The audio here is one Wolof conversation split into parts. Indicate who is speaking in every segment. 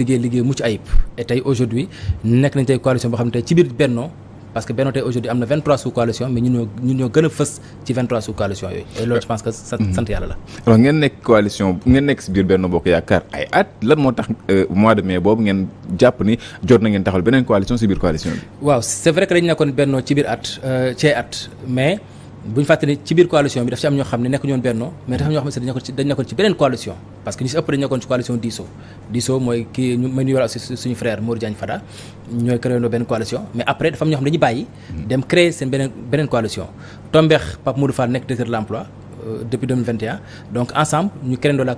Speaker 1: liggéey liggéey mucc ayib et tey aujourd'hui nekk nañ tey coalition boo xam ne tey ci biir Benno parce que Benno tey aujourd'hui am na sous coalition mais ñun ñoo ñun fës ci mhm. sant yàlla la
Speaker 2: alors ngeen nekk coalition ngeen nekk biir Benno Bokk Yaakaar ay at lan moo tax euh, mois de mai boobu ngeen jàpp ni jot na ngeen taxal beneen coalition si biir coalition bi
Speaker 1: waaw c'est vrai que dañ nekkoon Benno ci biir at euh, cee at mais bu ñu fàttali ci biir coalition bi daf ci am ñoo xam ne nekk ñoon bennoo mais dafa ñoo xam ne dañ dañ nekkoon ci beneen coalition parce que ñu si ëpp dañ nekkoon ci coalition diisoo diisoo mooy kii ma nuy wala suñu frère Mour Diagne Fada ñooy créé woon benn coalition mais après dafa am ñoo xam dañuy bàyyi dem créer seen beneen beneen coalition tombeex Pape Modou Fall nekk directeur de l'emploi euh, depuis 2021 donc ensemble ñu créé la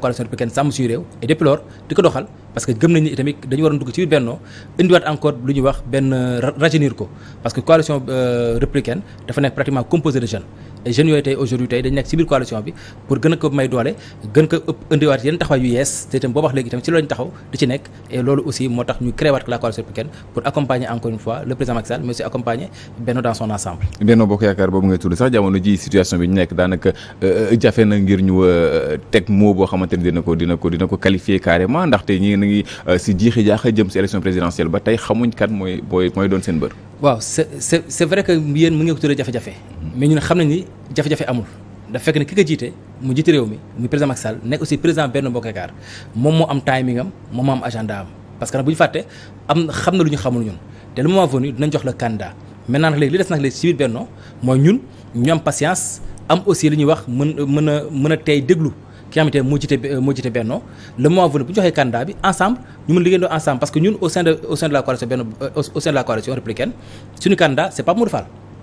Speaker 1: parce que gëm nañu ni tamit dañu waroon dugg ci biir bennoo indiwaat encore lu ñuy wax benn rajeunir ko parce que coalition euh, républicaine dafa nekk pratiquement composée de jeunes et yooyu tey dañu nekk ci biir coalition bi pour gën a ko may doole gën ko ëpp indiwaat yenn taxawaay yu yees te itam boo wax léegi tamit ci loolu lañ taxaw di ci nekk loolu aussi moo tax ñu créé la coalition républicaine pour accompagner encore une fois le président Macky Sall
Speaker 2: ngi euh, si jiixi jaaxa jëm si élection présidentielle ba tey xamuñ kan mooy booy mooy doon seen bër. waaw c'est c'est
Speaker 1: vrai que yéen mu ngi ko tuddee jafe-jafe. Mhm. mais ñun xam nañ jafe-jafe amul. dafa fekk ne ki ko jiite mu jiite réew mi muy président Macky Sall nekk aussi président Benno Bokk Yaakaar moom moo am timing am moom moo am agenda am parce nag bu ñu fàtte am xam na lu ñu xamul ñun te le moment venu dinañ jox la candidat maintenant nag léegi des nag léegi ci biir a mën a tey ki nga xamante ne moo jiite moo jiite Benno le moment bu joxee candidat bi ensemble ñu mën liggéeyandoo ensemble parce que ñun au sein de au sein de la coalition Benno euh, au sein de la coalition républicaine suñu candidat c'est Pape Modou Fall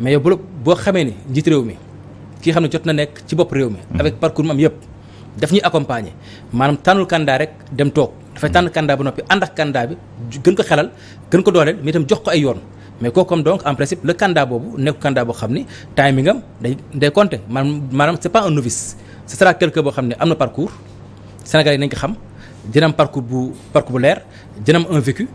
Speaker 1: mais yow boo xamee ni njiit réew mi kii xam ne jot na nekk ci bopp réew mi. Hmm. avec parcours am yëpp daf ñuy accompagner maanaam tànnul candidat rek dem toog. dafay tànn candidat bu noppi ànd ak bi gën ko xelal gën ko dooleel mais itam jox ko ay yoon. mais kooku comme donc en principe le candidat boobu nekk candidat boo xam ni timing am day day compter maanaam maanaam c'est pas un novice ce sera quelqu'un boo xam ne am na parcours Sénégalais yi nañ ko xam jënam am bu parcours bu leer dina am un vécu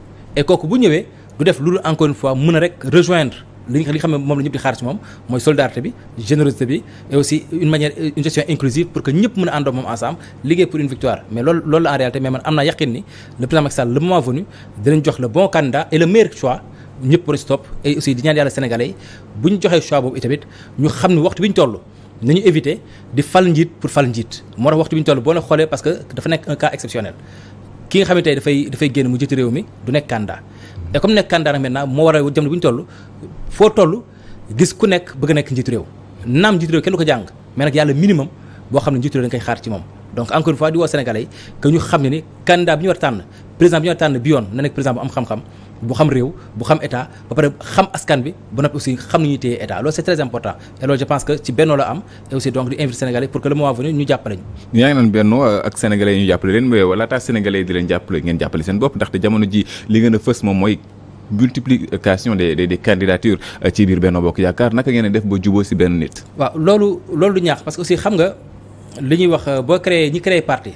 Speaker 1: kooku bu ñëwee du def loolu encore une fois mën rek rejoindre. li li xam ne moom la ñëpp di xaar moom mooy solidarité bi générosité bi et aussi une manière une ñëpp mën a moom ensemble liggéey pour une victoire mais loolu loolu la en réalité mais man am naa yaqin ni le président Macky Sall le moment venu a ci topp et aussi di ñaan yàlla sénégalais yi ñu joxee choix boobu itamit ñu xam ne waxtu bi ñu toll ñu éviter di fal njiit pour fal njiit moo tax waxtu bi ñu toll boo la xoolee parce que dafa nekk un cas exceptionnel ki nga xam ne tey dafay dafay génn mu jiite réew mi du nekk candidat et comme nekk candidat nag maintenant moo war a jamono bu ñu tollu foo toll gis ku nekk bëgg nekk njiitu réew naam njiitu réew kenn du ko jàng mais nag yàlla minimum boo xam ne njiitu réew dañ xaar ci moom donc encore une fois di woo Sénégalais yi que ñu xam ne ni candidat bi ñu war a tànn président bi ñu war tànn bi yoon na nekk président bu am xam-xam bu xam réew bu xam état ba pare xam askan bi ba noppi aussi xam ni ñuy téye état loolu c'est pense que ci bennoo la am et aussi donc di invité sénégalais pour que le moment venu ñu jàppale ñu.
Speaker 2: yaa ngi naan bennoo euh, ak sénégalais yi bopp ndaxte jamono ji li ngeen moom mooy. multiplication des des des candidatures euh, ci biir Benno Bokk Yaakaar naka ngeen def ba juboo si benn nit.
Speaker 1: waaw loolu loolu parce que aussi xam nga li ñuy wax euh, boo créé ñi créé parti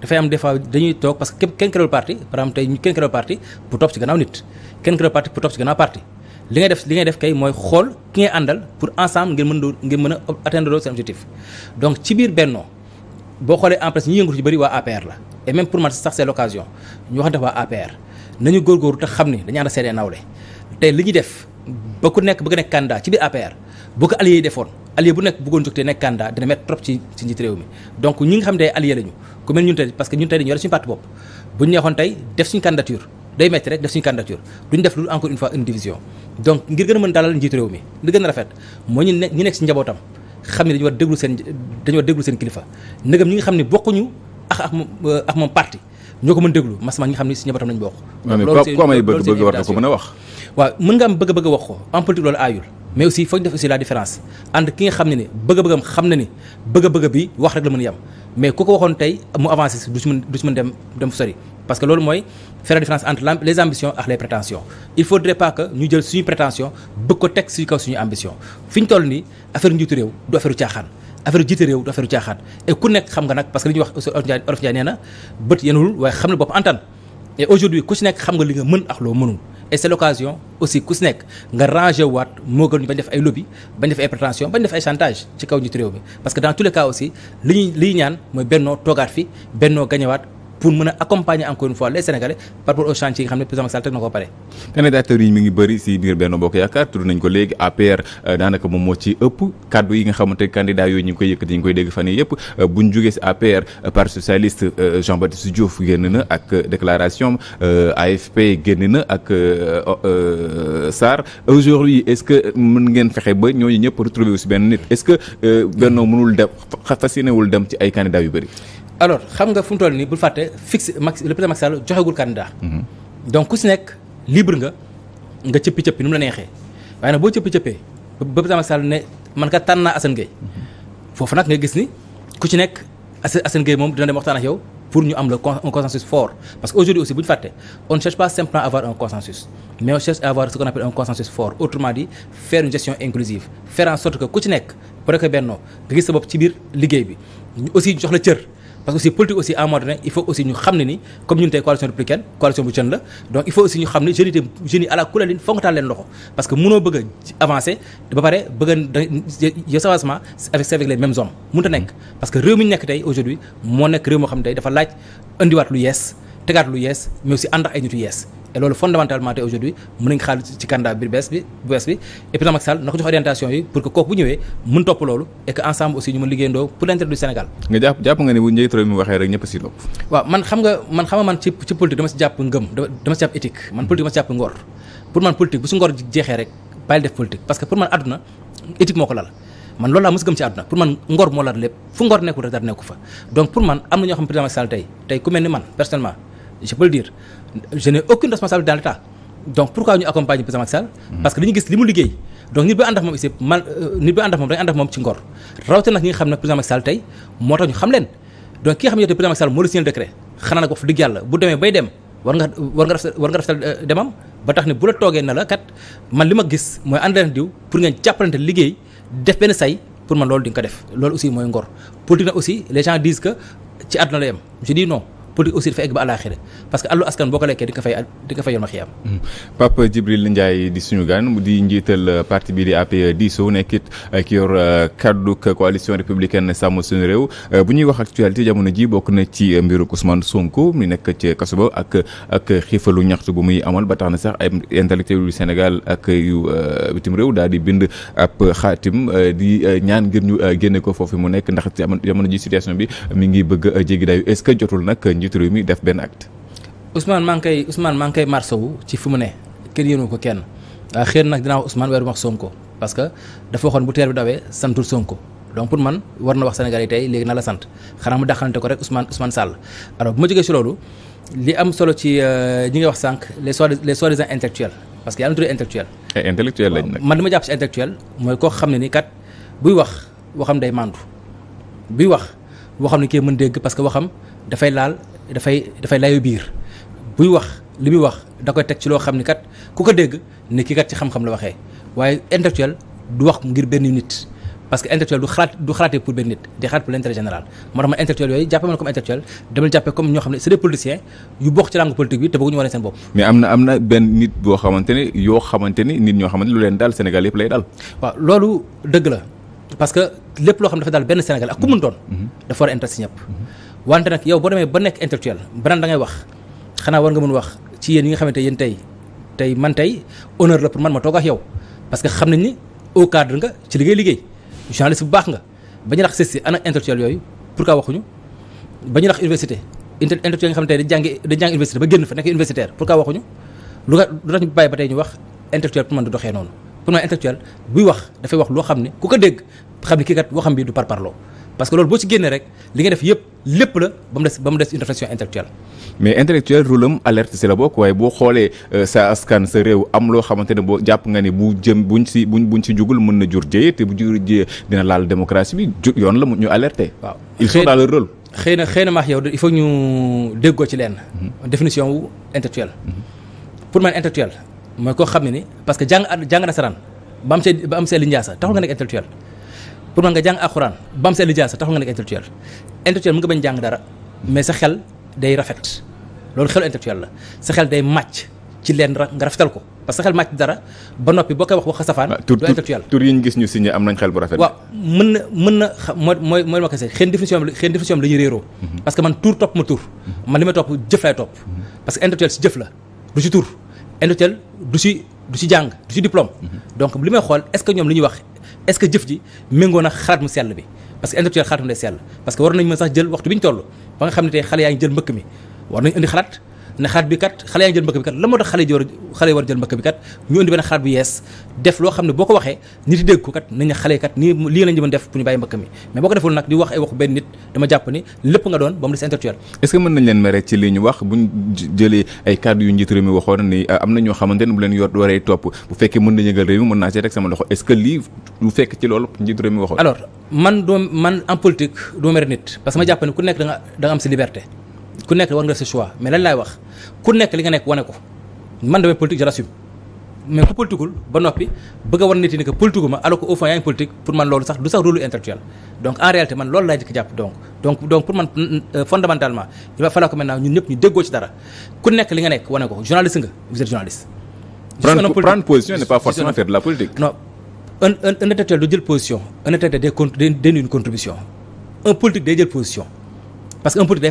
Speaker 1: dafay am des fois dañuy toog parce que képp kenn créewul parti par exemple tey ñu kenn créewul parti pour topp ci gannaaw nit kenn créewul parti pour topp ci gannaaw parti li ngay def li ngay kay mooy xool ki ngay àndal pour ensemble ngeen mën doo ngeen mën a atteindre seen objectif donc ci biir bennoo boo xoolee en place ñi yëngatu ci bëri waa APR la et même pour man sax c'est l'occasion ñu wax def waa APR nañu góorgóorlu te xam ni dañu ànd a seedee nawle tey li ñuy def ba nekk bëgg nekk candidat ci biir APR boo defoon allié bu nekk bëggoon jóg te nekk candidat dina mettre trop ci ci njiit réew mi donc ñi nga xam ne day lañu ku mel ñun tey parce que ñun tey dañu yore suñu parti bopp bu ñu neexoon tey def suñu candidature day métti rek def suñu candidature duñ def lu encore une division donc ngir gën a mën dalal njiit réew mi li gën a rafet mooy ñu nekk si njabootam xam ne dañu war déglu seen kilifa ndegam ñi nga xam ne bokkuñu ak ak euh, ak moom parti ñoo ko ñi nga xam ne si njabootam lañu bokk.
Speaker 2: loolu seen loolu seen émission
Speaker 1: waaw mën am bëgg-bëgg wax ko en politique loolu mais aussi foo ñu def aussi la différence entre ki nga xam ne ne bëgg-bëggam xam ni bëgg-bëgg bi wax rek la mën a mais ku ko waxoon tey mu avancé du ci mën du ci mën dem dem sori parce que loolu mooy faire la différence entre les ambitions ak les prétentions il faudrait pas que ñu jël suñu prétention bëgg ko teg suñu kaw suñu ambition fi ñu toll nii affaire njiitu réew du affaire caaxaan affaire jiite réew du affaire caaxaan et ku nekk xam nga nag parce que li ñuy wax orof Njaay nee xam na bopp antan et aujourd'hui ku ci nekk xam nga li nga mën ak loo mënul et c'est l'occasion aussi ku si nekk nga ranger waat moo gën ñu bañ def ay lobby bañ def ay prétention bañ def ay chantage ci kaw njiitu réew mi parce que dans tous les cas aussi li ñu li ñaan mooy bennoo toogaat fi bennoo gañewaat pour mën a accompagner encore une fois les Sénégalais par rapport au chantier yi nga xam ne président Macky Sall teg na ko pare.
Speaker 2: candidature yi mi ngi bëri si biir Benno Bokk Yaakaar tudd nañ ko léegi APR euh, daanaka moom moo ci ëpp kàddu yi nga xamante candidat yooyu ñu ngi koy yëkkati ñu ngi koy dégg fan yii yëpp euh, bu ñu jógee si APR euh, parti socialiste Jean Baptiste Diouf génn na ak déclaration AFP génn na ak Sarr aujourd'hui est-ce que mën ngeen fexe ba ñooñu ñëpp retrouver wu si benn nit est-ce que Benno mënul dem fas yéenewul dem ci ay candidats yu bëri.
Speaker 1: alors xam nga fu mu toll nii bul fàtte fixe Macky le président Macky Sall joxegul
Speaker 2: mhm. donc
Speaker 1: ku si nekk libre nga nga cëppi cëppi nu mu la neexee waaye nag boo cëppi cëppee ba président Macky Sall ne man kat tànn naa Assane Gueye mhm. foofu nag nga gis ni ku ci nekk Assane moom dina dem waxtaan ak yow pour ñu am le consensus fort parce que aujourd'hui aussi bu ñu fàtte on ne pas simplement avoir un consensus mais on cherche avoir ce qu'on appelle un consensus fort autrement dit faire liggéey bi aussi jox la parce que aussi politique aussi à un moment donné il faut aussi ñu xam ne ni comme ñun tey coalition républicaine coalition bu jeune la donc il faut aussi ñu xam ne jeunes yi jeunes yi à leen loxo parce que mënoo bëgg a ba pare bëgg a sa avancement avec avec les mêmes hommes mënut a nekk parce que réew mi ñu nekk tey aujourd'hui moo nekk réew moo xam ne tey dafa laaj indiwaat lu yees tegaat lu yees mais aussi ànd ak ay nit yees et loolu fondamentalement tey aujourd'hui mën nañ xaar ci candidat bi bees bi bu bees bi et puis Sall na ko jox orientation yi pour que kooku bu ñëwee mën topp loolu et ensemble aussi ñu mën liggéeyandoo pour l'intérêt du Sénégal
Speaker 2: nga jàpp nga ne bu njiitu réew waxee rek ñëpp si lopp
Speaker 1: waaw man xam nga man xam nga man ci ci dama si jàpp ngëm dama si jàpp éthique man politique dama si jàpp ngor pour man politique bu su ngor jeexee rek bàyyi def politique parce je peux le dire je n'ai aucune responsabilité dans l'état donc pourquoi ñu accompagner président Macky Sall hmm. parce que dañu gis li mu liggéey donc nit ba ànd ak moom aussi man euh, nit ba ànd ak moom dañu ànd moom ci ngor rawatina nag ñi nga xam ne président Macky Sall tey moo tax ñu xam leen donc ki nga xam ne président Macky Sall moo la signé décret xanaa nag wax dëgg yàlla bu demee bay dem war nga war nga war nga rafetal euh, demam ba tax ne bu la toogee na la kat man li ma gis mooy ànd leen diw pour ngeen jàppalante liggéey def benn say pour man loolu di nga ko def loolu aussi mooy ngor politique na aussi les gens disent que ci àdduna politique aussi dafa egg ba àllaaxira parce que àllu askan boo ko lekkee di nga fay di nga fay yoon ma xiyaam.
Speaker 2: Hmm. di suñu gan di njiital euh, parti bi di APE nekkit euh, ki yor euh, kaddu coalition républicaine sàmm suñu réew bu ñuy wax actualité jamono ji bokk na ci mbiru Ousmane Sonko mi nekk ci kaso ba ak ak xiifalu ñaxtu bu muy amal ba tax na sax ay intellectuel yu Sénégal ak yu bitim réew daal di bind ab xaatim di ñaan ngir ñu génne ko foofu mu nekk ndax jamono ji njiitu réew mi def benn acte.
Speaker 1: Ousmane maa ngi koy Ousmane maa ngi koy marsawu ci fu mu ne kenn yéenu ko kenn ah, xëy que dafa bu teer bi dawee santul Sonko donc man war na wax Sénégal yi tey na la sant xanaa mu daxalante ko rek Ousmane Ousmane Sall alors bu ma jógee ci euh, ñi nga wax sànq les soi les soi-disant intellectuels parce que yàlla na tuddee intellectuel.
Speaker 2: ay intellectuel lañ nag
Speaker 1: man li ma jàpp si intellectuel mooy koo xam ne ni dégg parce que waxam dafay laal dafay dafay layu biir buy wax li muy wax da koy teg ci loo xam ni kat ku ko dégg ne ki kat ci xam-xam la waxee waaye intellectuel du wax ngir benn nit parce que intellectuel du xalaat du xalaatee pour benn nit di xalaat pour l'intérêt moo tax ma intellectuel yooyu jàppee ma comme intellectuel dama jàppee comme ñoo xam ne c'est des politiciens bi te bëgguñu wane seen bopp
Speaker 2: mais am na am na benn nit boo xamante ne yoo xamante ni nit ñoo xamante lu leen daal Sénégal yëpp lay daal waaw loolu dëgg la parce que lépp loo xam ne dafa daal benn Sénégal ak ku mhm. ñëpp
Speaker 1: mhm. wante nag yow boo demee ba nekk intellectuel banaan da ngay wax xanaa war nga mën wax ci yéen yi nga xamante yéen tey tey man tey honneur la pour man ma toog ak yow parce que xam nañ ni au cadre nga ci liggéey liggéey journaliste bu baax nga ba ñu rax sës si ana intellectuel yooyu pourquoi waxuñu ba ñu rax université intellectuel nga xam ne tey dañ jàngi dañ jàngi université ba génn fa nekk universitaire pourquoi waxuñu lu nga lu tax ñu bàyyi ba tey ñu wax intellectuel pour doxee noonu pour man intellectuel buy wax dafay wax loo xam ne ku ko dégg xam ne kii kat waxam bi parce que loolu boo ci génnee rek li nga def yëpp lépp la ba mu des des une réflexion intellectuelle.
Speaker 2: mais intellectuel rôlam alerte si la bokk waaye boo xoolee euh, sa askan sa réew am loo xamante ne boo jàpp nga ne bu jëm buñ si buñ buñ si jugul mën na jur jëye te bu jur jëye dina laal démocratie bi ju yoon la ñu alerter. waaw ils sont dans leur
Speaker 1: xëy na xëy na maax yow il faut ñu déggoo ci leen mm-hmm. définition wu intellectuel. Mm-hmm. pour man intellectuel mooy koo xam ne ni parce que jàng jàng nasaraan ba am see am see li njaasa taxul nga nekk intellectuel. pour man nga jàng alxuraan ba am sa lijaasa taxul nga nekk intellectuel intellectuel mën nga bañ jàng dara mais sa xel day rafet loolu xelu intellectuel la sa xel day màcc ci leen nga rafetal ko parce que sa xel màcc dara ba noppi boo koy wax wax ko safaan ah, du intellectuel
Speaker 2: tur yi ñu gis ñu signé am nañ xel mooy
Speaker 1: mooy mooy ma kese xeen définition bi xeen mhm. parce que man tur topp ma tur mhm. man li may topp jëf laay topp mhm. parce que intellectuel si jëf la du si tur intellectuel du si du si jàng du si diplôme donc li may xool est ce ñoom li ñuy wax est-ce que jëf ji méngoo na xalaat mu sell bi parce que intellectuel xalaat mu day sell parce que war nañ mën sax jël waxtu bi ñu toll ba nga xam ne tey xale yaa ngi jël mbëkk mi war nañ indi xalaat ne xaat bi kat xale yaa ngi jël mbëkk bi kat la loo xam ne boo ko waxee nit yi nii lii lañu mën def pour ñu bàyyi mbëkk mi mais boo ko deful nag di wax ay waxu benn nit dama jàpp ni lépp
Speaker 2: nga doon ba mu des intellectuel est euh, am na ñoo xamante ne bu leen yor waree topp bu fekkee na yëgal réew mi mën naa ci rek sama loxo est-ce que
Speaker 1: man doo man en politique doo mere nit parce que ma jàpp ku nekk da nga da nga am sa liberté ku nekk war nga def sa choix li nga nekk wane ko man damay politique je mais ku politikul ba noppi bëgg a wan nit ñi que politiku ma alors que au fond yaa ngi politique pour man loolu sax du sax rôle intellectuel donc en réalité man loolu laay jëkk jàpp donc donc pour man euh, fondamentalement il va falloir que maintenant ñun ñëpp ñu déggoo ci dara ku nekk li nga nekk wane ko journaliste nga vous êtes journaliste.
Speaker 2: prendre position n'est pas forcément de la politique.
Speaker 1: non un du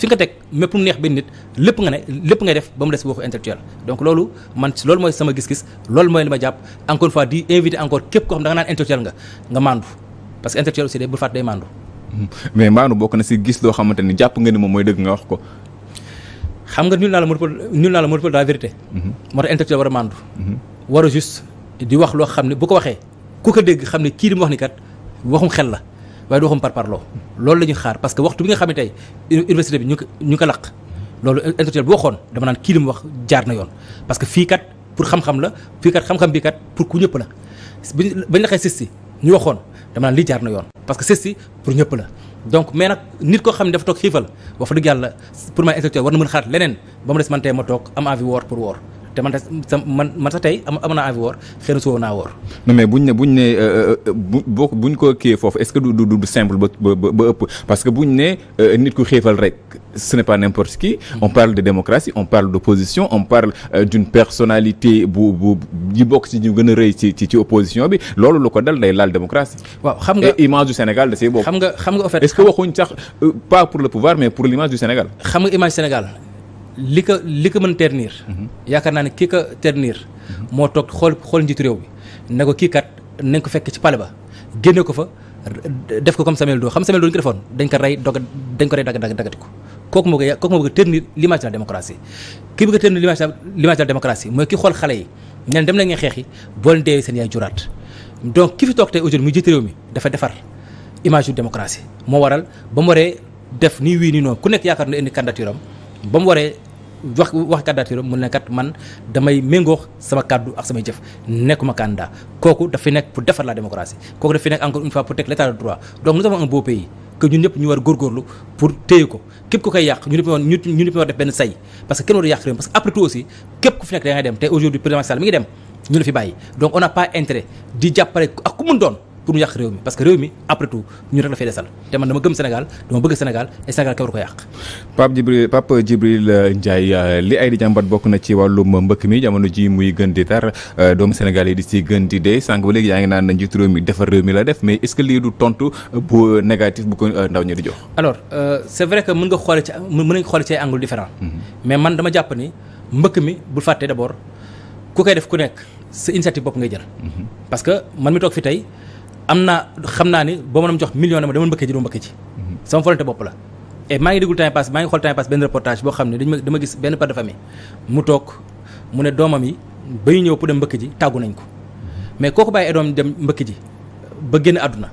Speaker 1: fi nga teg mépp mu neex benn nit lépp nga ne lépp ngay def ba mu des waxu intellectuel donc loolu man loolu mooy sama gis-gis loolu mooy li ma jàpp encore une fois di encore képp koo xam da nga naan intellectuel nga nga maandu parce que intellectuel aussi day bu hmm.
Speaker 2: xamante ni jàpp nga ni moom mooy dëgg
Speaker 1: xam nga nul naa la monopole nul naa la monopole de la vérité. Hmm. moo tax intellectuel war a maandu. Hmm. war a juste di wax loo xam ne bu ko waxee ku ko dégg xam ne kii di mu wax ni kat waxum xel la. waaye doo xam par parloo loolu la ñu xaar parce que waxtu bi nga xam ne tey université bi ñu ko ñu loolu intellectuel bi waxoon dama naan kii li mu wax jaar na yoon parce que fii kat pour xam-xam la fii kat xam-xam bi kat pour ku ñëpp la bañ la xee sës si ñu waxoon dama naan lii jaar na yoon parce que sës si pour ñëpp la donc mais nag nit koo xam ne dafa toog xiifal wax dëgg yàlla pour man intellectuel war na mën xalaat leneen ba mu des man tey ma toog pour woor te man man man sax tey am naa envie woor xëy na soo naa woor.
Speaker 2: non mais buñ ne buñ ne euh, euh, euh, bu buñ ko kiiyee foofu est-ce que du du du simple ba ba ëpp parce que buñ ne nit ku xiifal rek ce n'est pas n'importe qui. Mm-hmm. on parle de démocratie on parle d'opposition on parle d'une personnalité bu bu yi bokk ci ñu gën a rëy ci ci ci opposition bi loolu lu ko dal day laal démocratie. waaw xam nga image du Sénégal da xam nga xam nga en fait est-ce que waxuñ sax pas pour le pouvoir mais pour l'image du Sénégal. xam nga image Sénégal. li ko li ko mën ternir. Mhm. yaakaar
Speaker 1: naa ne kii ko ternir. Mhm. moo toog xool xool njiitu réew bi ne ko kii kat nañ ko fekk ci pale ba génne ko fa def ko comme Samuel Doe xam Samuel Doe ñu ko dañ ko rey dog dañ ko rey dag dag dagati ko kooku moo koy kooku moo koy ternir l'image de la démocratie kii bi ko ternir l'image l'image de la démocratie mooy ki xool xale yi neen dem la ngeen xeex yi boo leen deewee seen yaay juraat donc ki fi toog te aujourd'hui mu jiite réew mi dafa defar image yu démocratie moo waral ba mu waree def nii wii nii noonu ku nekk yaakaar na indi candidature am wax wax candidature mun ne kat man damay méngoox sama kàddu ak samay jëf nekkuma candidat kooku daf fi nekk pour defar la démocratie kooku daf fi nekk encore une fois pour teg ñu war góorgóorlu pour téye ko képp ku koy yàq ñu ñëpp ñu ñëpp def benn say parce que kenn war yàq réew parce que aussi képp ku fi nekk da dem te aujourd'hui président Macky Sall mi ngi dem ñu la fi bàyyi donc on n'a pas intérêt di jàppale ak ku mun doon pour ñu yàq réew mi parce que réew mi après tout ñu rek la fay desal te man dama gëm Sénégal dama bëgg Sénégal et Sénégal ka war ko yàq
Speaker 2: Pape Djibril Pape euh, euh, li ay di jàmbat bokk na ci wàllum mbëkk mi jamono ji muy gën di tar euh, doomu Sénégal yi di si gën di dee sànq ba léegi yaa ngi naan na njiitu réew mi defar réew mi la def mais est du tontu bu négatif bu ko ndaw ñi
Speaker 1: mhm. mais man dama jàpp ni mbëkk mi bul fàtte d'abord ku koy def ku nekk sa initiative bopp ngay jël mhm. am na xam naa ni boo mënoon jox million dama demoon mbëkk ji dama mbëkk ji mhm. sama volonté bopp la et maa ngi déglu temps passe maa ngi xool temps passe benn reportage boo xam ne dama gis benn père de mu toog mu ne doomam yi ba ñu ñëw pour dem mbëkk ji tàggu nañ ko mais kooku bàyyi doom dem mbëkk ji ba génn àdduna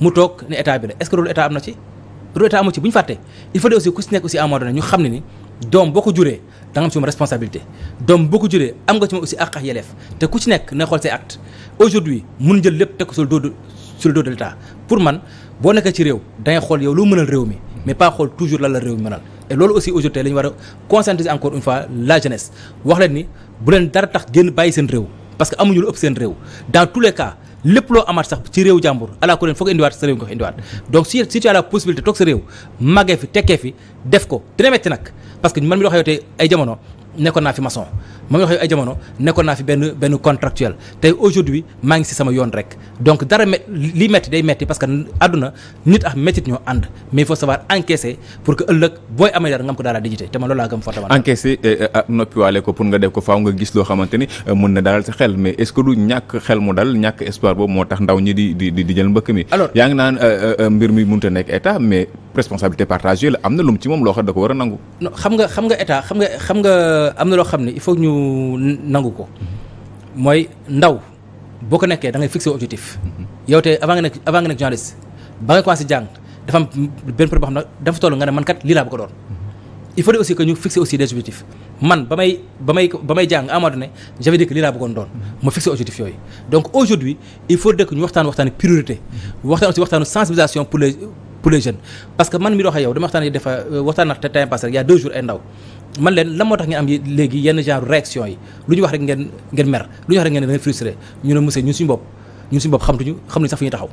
Speaker 1: mu toog ne état bi la est loolu état am na ci loolu état amu ci bu ñu fàtte il faut aussi ku si nekk aussi à un ñu xam ne ni doom boo ko da nga responsabilité doom boo ko juree am nga ci moom aussi àq ak yelleef te ku ci nekk na xool say acte aujourd'hui mun jël lépp teg ko doo le dos de de l'État pour man boo nekkee ci réew dangay xool yow loo mënal réew mi mais pas xool toujours lan la réew mi mënal et loolu aussi aujourd'hui lañu ñu war a conscientiser encore une fois la jeunesse wax leen ni bu leen dara tax génn bàyyi seen réew parce que amuñu lu ëpp seen réew dans tous les cas lépp loo amaat sax ci réew jàmbur ala ko leen foog indiwaat sa réew nga ko indiwaat donc si si tu as la possibilité toog sa réew màggee fi tekkee fi def ko dina metti nag parce que man mi doxee tey ay jamono nekkoon naa fi maçon ma ngi wax ay jamono nekkoon naa fi benn benn contractuel tey aujourd'hui maa ngi si sama yoon rek donc dara met li metti day metti parce que àdduna nit ak métit ñoo ànd mais il savoir encaisser pour que ëllëg booy amee dara nga am ko daal di dijite te man loolu laa gëm fortement.
Speaker 2: encaisser eh, eh, ah, noppiwaale ko pour nga def ko faaw nga gis loo xamante ni eh, mën na dalal sa xel mais est-ce que du ñàkk xel mu dal ñàkk espoir boobu moo tax ndaw ñi di di di jël mbëkk mi. alors yaa ngi naan mbir mi mënut a nekk état mais responsabilité partagée la am na lu mu ci moom loo xam
Speaker 1: da a am na loo xam ne il faut ñu nangu ko mooy ndaw boo ko nekkee da ngay fixé objectif yow te avant nga nekk avant nga nekk journaliste ba nga commencé jàng dafa benn période boo a doon il jàng doon ma fixer objectif yooyu donc aujourd'hui il faut que ñu waxtaan waxtaanu priorité waxtaan waxtaanu sensibilisation pour les pour parce que man mi doxee yow dama waxtaan dafa euh, waxtaan na te temps passé rek y a deux jours ay ndaw man leen la moo tax ngeen am léegi yenn genre réaction yi lu ñu wax rek ngeen ngeen mer lu ñu wax rek ngeen da ngeen frustré ñu ne monsieur ñun suñu bopp ñun suñu bopp xamtuñu xamuñu sax fu ñuy taxaw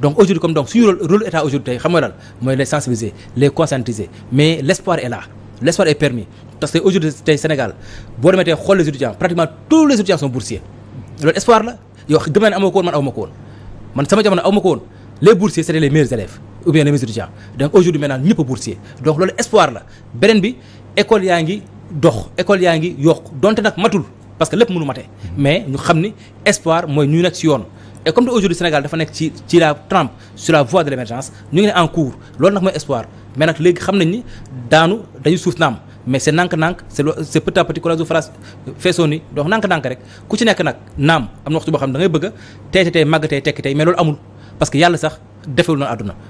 Speaker 1: donc aujourd'hui xam nga lan mooy les sensibiliser les conscientiser mais l'espoir est là l'espoir est permis parce que aujourd'hui tey Sénégal boo demee tey xool les étudiants pratiquement tous les étudiants sont boursiers loolu espoir la yow gëm naa ne man aw ma ko woon man sama jamono aw ma ko woon les boursiers c'était les ou bien les meilleurs étudiants donc aujourd'hui maintenant bi école yaa ngi dox école yaa ngi yokk donte nag matul parce que lépp mënu mate mais ñu xam ni espoir mooy ñu nekk ci yoon et comme aujourd'hui Sénégal dafa nekk ci ci la trempe sur la voie de l'émergence ñu ngi ne en cours loolu nag mooy espoir mais nag léegi xam nañ ni daanu dañu suuf naam mais c'est nànk-nànk c'est c'est petit à petit courage de phrase ni donc nànk-nànk rek ku ci nekk nag naam am na waxtu boo xam ne da ngay bëgg a tey tey màgg tekki tey mais amul parce que yàlla sax defewul noonu àdduna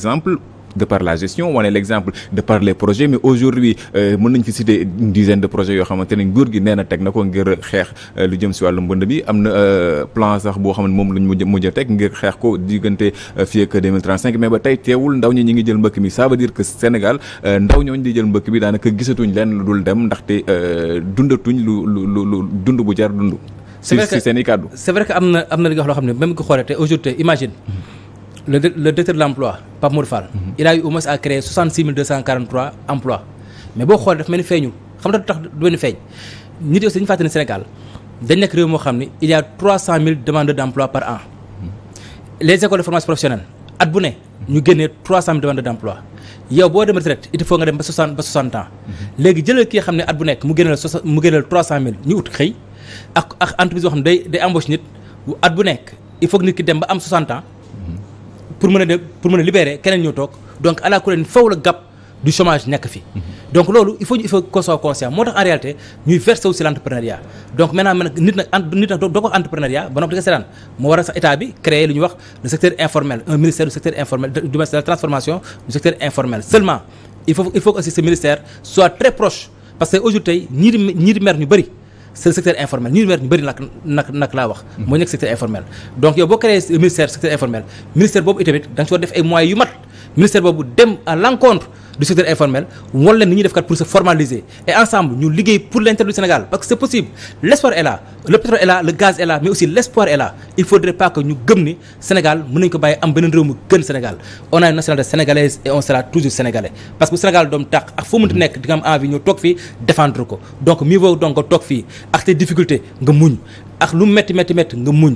Speaker 2: l'exemple de par la gestion wane l'exemple de par les projets mais aujourd'hui euh, mën nañ fi citer une dizaine de projets yoo xamante ne nguur gi nee na teg na ko ngir xeex euh, lu jëm si wàllu mbënd bi am na euh, plan sax boo xam ne moom lañ mujj mujj a teg ngir xeex ko diggante fii ak 2035 mais ba tey teewul ndaw ñi ñi ngi jël mbëkk mi ça veut dire que Sénégal ndaw ñooñu di jël mbëkk bi daanaka gisatuñ leen lu dul dem ndax te dundatuñ lu lu lu dund bu jar dund. si si seen i kàddu. am na am na li xam ne même ko xoolee tey aujourd'hui imagine
Speaker 1: le le directeur de l' emploi Pape Modou Fall. Mhm. il a eu au moins à créer 66 243 emplois mais boo xoolee daf mel ni feeñul xam ne dañ nekk réew moo xam ne il y a 300 000 demandeurs d' emploi par an mhm. les écoles de formation at bu ne ñu génnee 300 000 demandeurs d' emploi yow boo dem retraite il faut nga dem ba 60 ba 60 ans mhm. léegi jëlal ki nga xam ne at bu nekk mu génneel mu génneel 300 000 ñu ut xëy bu nekk il faut ki dem ba am 60 pour mën a de pour mën a libérer keneen ñëw toog donc ala ku la gap du chômage nekk fi mhm. donc loolu il faut il faut qu'on soit conscient moo tax en réalité ñuy verser aussi l'entrepreneuriat donc maintenant man nit nag doo ko entrepreneuriat ba noppi di ko seetaan moo waral sax état bi créer lu ñuy wax le secteur informel un ministère du secteur informel du ministère de transformation du secteur informel seulement il faut il faut que aussi ministère c'est le secteur informel ñu weer ñu bëri nag nag nag laa wax mhm. moo nekk secteur informel donc yow boo créé ministère secteur informel ministère boobu itamit da ci war def ay moyens yu mat ministère boobu dem à l'encontre du secteur informel wan leen ni ñuy def kat pour se formaliser et ensemble ñu liggéey pour l'intérêt du Sénégal parce que c'est possible l'espoir est là le pétrole est là le gaz est là mais aussi l'espoir est là il faudrait pas que ñu gëm ni Sénégal mën nañu ko bàyyi am beneen réew mu gën Sénégal on a une nationalité sénégalaise et on sera toujours sénégalais parce que bu Sénégal doom tàq ak foo mënti nekk di nga envie ñu toog fii défendre ko donc mieux nga toog fii ak tes nga muñ